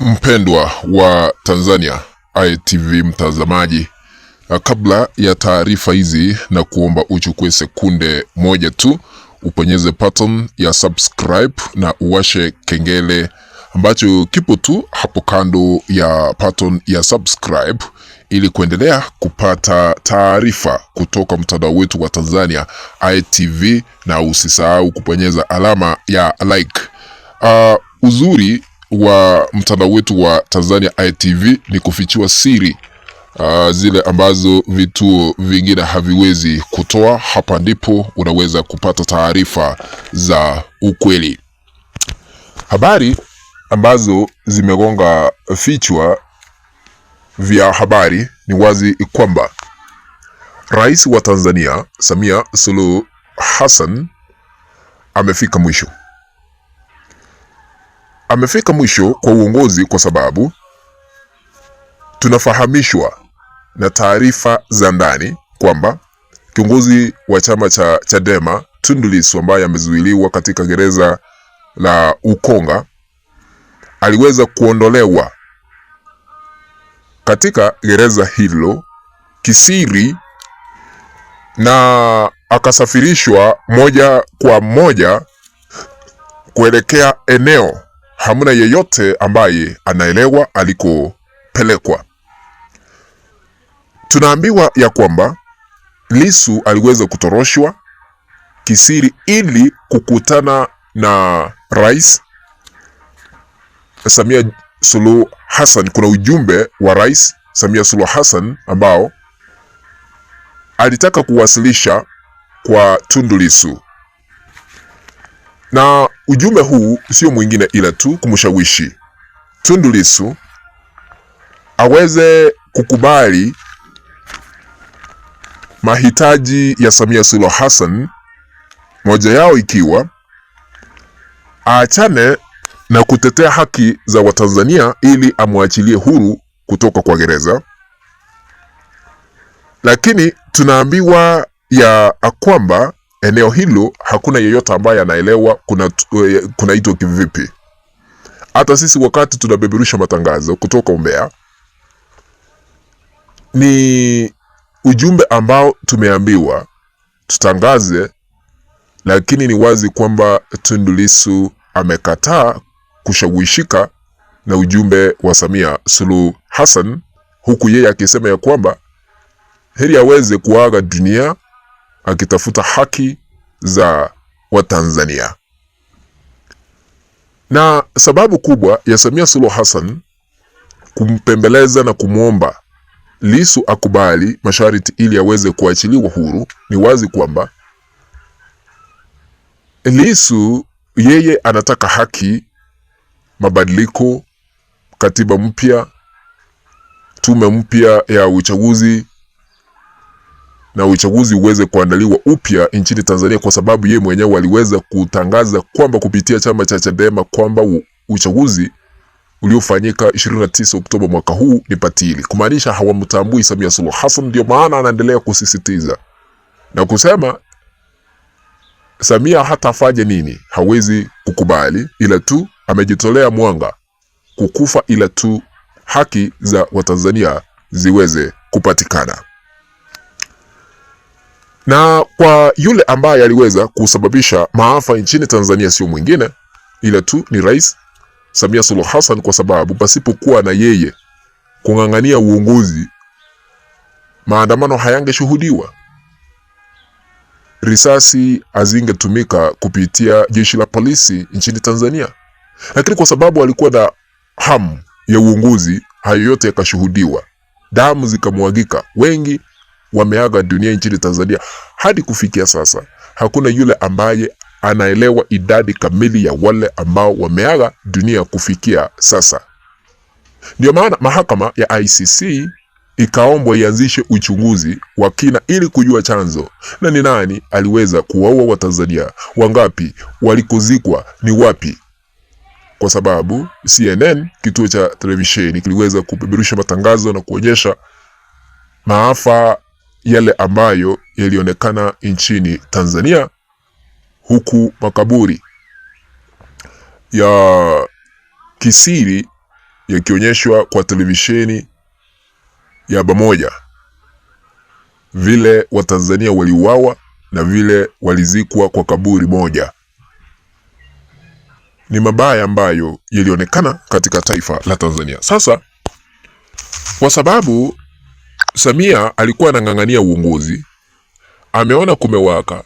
Mpendwa wa Tanzania ITV mtazamaji, kabla ya taarifa hizi na kuomba uchukue sekunde moja tu uponyeze button ya subscribe na uwashe kengele ambacho kipo tu hapo kando ya button ya subscribe ili kuendelea kupata taarifa kutoka mtandao wetu wa Tanzania ITV, na usisahau kuponyeza alama ya like. Uh, uzuri wa mtandao wetu wa Tanzania ITV ni kufichua siri uh, zile ambazo vituo vingine haviwezi kutoa. Hapa ndipo unaweza kupata taarifa za ukweli. Habari ambazo zimegonga vichwa vya habari ni wazi kwamba Rais wa Tanzania Samia Suluhu Hassan amefika mwisho amefika mwisho kwa uongozi kwa sababu tunafahamishwa na taarifa za ndani kwamba kiongozi wa chama cha Chadema Tundu Lissu ambaye amezuiliwa katika gereza la Ukonga aliweza kuondolewa katika gereza hilo kisiri na akasafirishwa moja kwa moja kuelekea eneo hamna yeyote ambaye anaelewa alikopelekwa. Tunaambiwa ya kwamba lisu aliweza kutoroshwa kisiri ili kukutana na Rais Samia Suluhu Hassan. Kuna ujumbe wa Rais Samia Suluhu Hassan ambao alitaka kuwasilisha kwa Tundu lisu na ujumbe huu sio mwingine ila tu kumshawishi Tundu Lissu aweze kukubali mahitaji ya Samia Suluhu Hassan, moja yao ikiwa aachane na kutetea haki za Watanzania ili amwachilie huru kutoka kwa gereza. Lakini tunaambiwa ya kwamba eneo hilo hakuna yeyote ambaye anaelewa kunaitwa kuna eh, kivipi. Hata sisi wakati tunabeberusha matangazo kutoka Umbea, ni ujumbe ambao tumeambiwa tutangaze, lakini ni wazi kwamba Tundu Lissu amekataa kushawishika na ujumbe wa Samia Suluhu Hassan, huku yeye akisema ya kwamba heri aweze kuaga dunia akitafuta haki za Watanzania. Na sababu kubwa ya Samia Suluhu Hassan kumpembeleza na kumwomba lisu akubali masharti ili aweze kuachiliwa huru, ni wazi kwamba lisu yeye anataka haki, mabadiliko, katiba mpya, tume mpya ya uchaguzi na uchaguzi uweze kuandaliwa upya nchini Tanzania, kwa sababu yeye mwenyewe aliweza kutangaza kwamba kupitia chama cha Chadema kwamba uchaguzi uliofanyika 29 Oktoba mwaka huu ni patili, kumaanisha hawamtambui Samia Suluhu Hassan. Ndio maana anaendelea kusisitiza na kusema Samia hata afanye nini hawezi kukubali, ila tu amejitolea mwanga kukufa, ila tu haki za Watanzania ziweze kupatikana na kwa yule ambaye aliweza kusababisha maafa nchini Tanzania sio mwingine ila tu ni Rais Samia Suluhu Hassan, kwa sababu pasipokuwa na yeye kung'ang'ania uongozi, maandamano hayangeshuhudiwa, risasi hazingetumika kupitia jeshi la polisi nchini Tanzania. Lakini kwa sababu alikuwa na hamu ya uongozi, hayo yote yakashuhudiwa, damu zikamwagika, wengi wameaga dunia nchini Tanzania. Hadi kufikia sasa hakuna yule ambaye anaelewa idadi kamili ya wale ambao wameaga dunia kufikia sasa. Ndio maana mahakama ya ICC ikaombwa ianzishe uchunguzi wa kina ili kujua chanzo na ni nani aliweza kuwaua Watanzania wangapi, walikozikwa ni wapi, kwa sababu CNN kituo cha televisheni kiliweza kupeperusha matangazo na kuonyesha maafa yale ambayo yalionekana nchini Tanzania, huku makaburi ya kisiri yakionyeshwa kwa televisheni ya pamoja, vile Watanzania waliuawa na vile walizikwa kwa kaburi moja. Ni mabaya ambayo yalionekana katika taifa la Tanzania. Sasa kwa sababu Samia alikuwa anang'ang'ania uongozi, ameona kumewaka,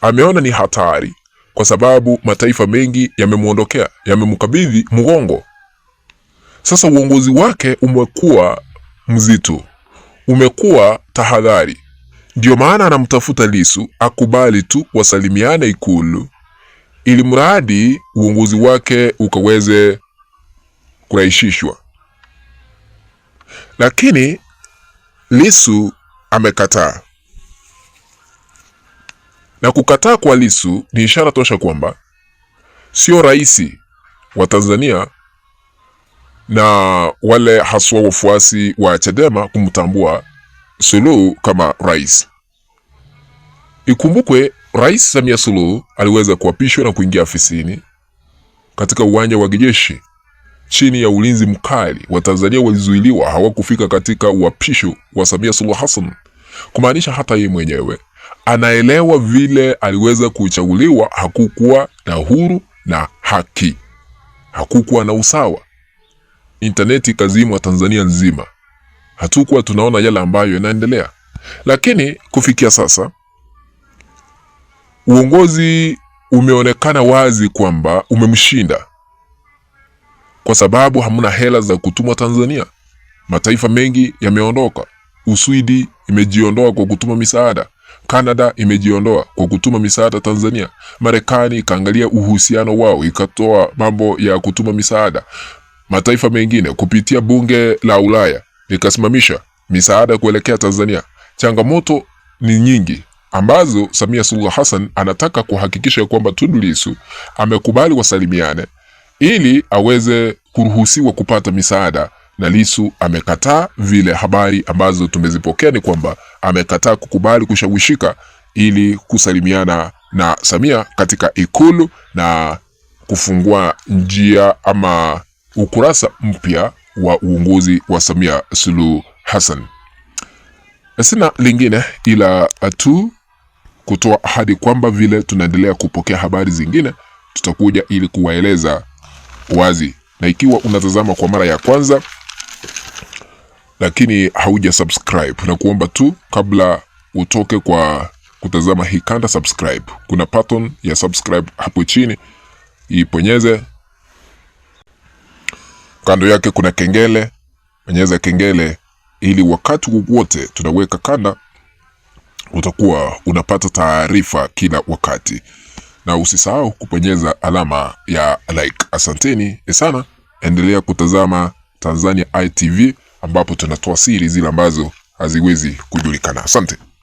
ameona ni hatari, kwa sababu mataifa mengi yamemwondokea, yamemkabidhi mgongo. Sasa uongozi wake umekuwa mzito, umekuwa tahadhari. ndio maana anamtafuta Lisu akubali tu wasalimiane Ikulu, ili mradi uongozi wake ukaweze kurahisishwa, lakini lisu amekataa, na kukataa kwa lisu ni ishara tosha kwamba sio rais wa Tanzania na wale haswa wafuasi wa Chadema kumtambua Suluhu kama rais. Ikumbukwe Rais Samia Suluhu aliweza kuapishwa na kuingia afisini katika uwanja wa kijeshi chini ya ulinzi mkali, wa tanzania walizuiliwa, hawakufika katika uapisho wa Samia Suluhu Hassan, kumaanisha hata yeye mwenyewe anaelewa vile aliweza kuchaguliwa hakukuwa na huru na haki, hakukuwa na usawa. Intaneti kazimwa Tanzania nzima, hatukuwa tunaona yale ambayo yanaendelea. Lakini kufikia sasa uongozi umeonekana wazi kwamba umemshinda kwa sababu hamna hela za kutuma Tanzania. Mataifa mengi yameondoka. Uswidi imejiondoa kwa kutuma misaada, Kanada imejiondoa kwa kutuma misaada Tanzania. Marekani ikaangalia uhusiano wao ikatoa mambo ya kutuma misaada. Mataifa mengine kupitia bunge la Ulaya likasimamisha misaada kuelekea Tanzania. Changamoto ni nyingi ambazo Samia Suluhu Hassan anataka kuhakikisha kwamba Tundu Lissu amekubali wasalimiane ili aweze kuruhusiwa kupata misaada, na Lissu amekataa. Vile habari ambazo tumezipokea ni kwamba amekataa kukubali kushawishika ili kusalimiana na Samia katika Ikulu na kufungua njia ama ukurasa mpya wa uongozi wa Samia Suluhu Hassan. Sina lingine ila tu kutoa ahadi kwamba vile tunaendelea kupokea habari zingine, tutakuja ili kuwaeleza wazi, na ikiwa unatazama kwa mara ya kwanza lakini hauja subscribe, na kuomba tu kabla utoke kwa kutazama hii kanda, subscribe. Kuna pattern ya subscribe hapo chini, iponyeze Kando yake kuna kengele, bonyeza kengele ili wakati wowote tunaweka kanda utakuwa unapata taarifa kila wakati na usisahau kubonyeza alama ya like. Asanteni sana, endelea kutazama Tanzania ITV ambapo tunatoa siri zile ambazo haziwezi kujulikana. Asante.